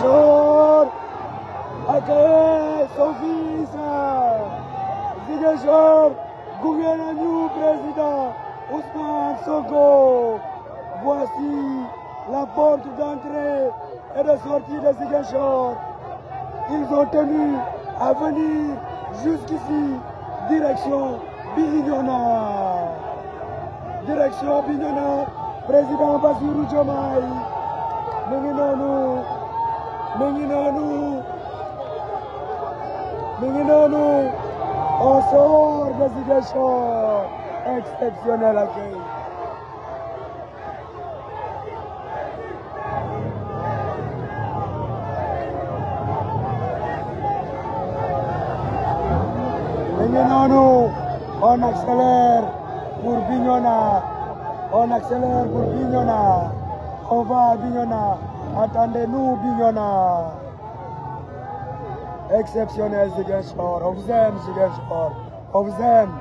Jor accueille son fils. Ziguinchor gouverne nouveau président Ousmane Sonko. Voici la porte d'entrée et de sortie de Ziguinchor. Ils ont tenu à venir jusqu'ici, direction Bignona. Direction Bignona, président Nous venons Nous mu ngi noonu mu ngi noonu on sort de Ziguinchor exceptionnel accueil mu ngi noonu on accélère pour Bignona on accélère pour Bignona on attendez-nous Bignona. Exceptionnel Ziguinchor, of them, aime Ziguinchor, on vous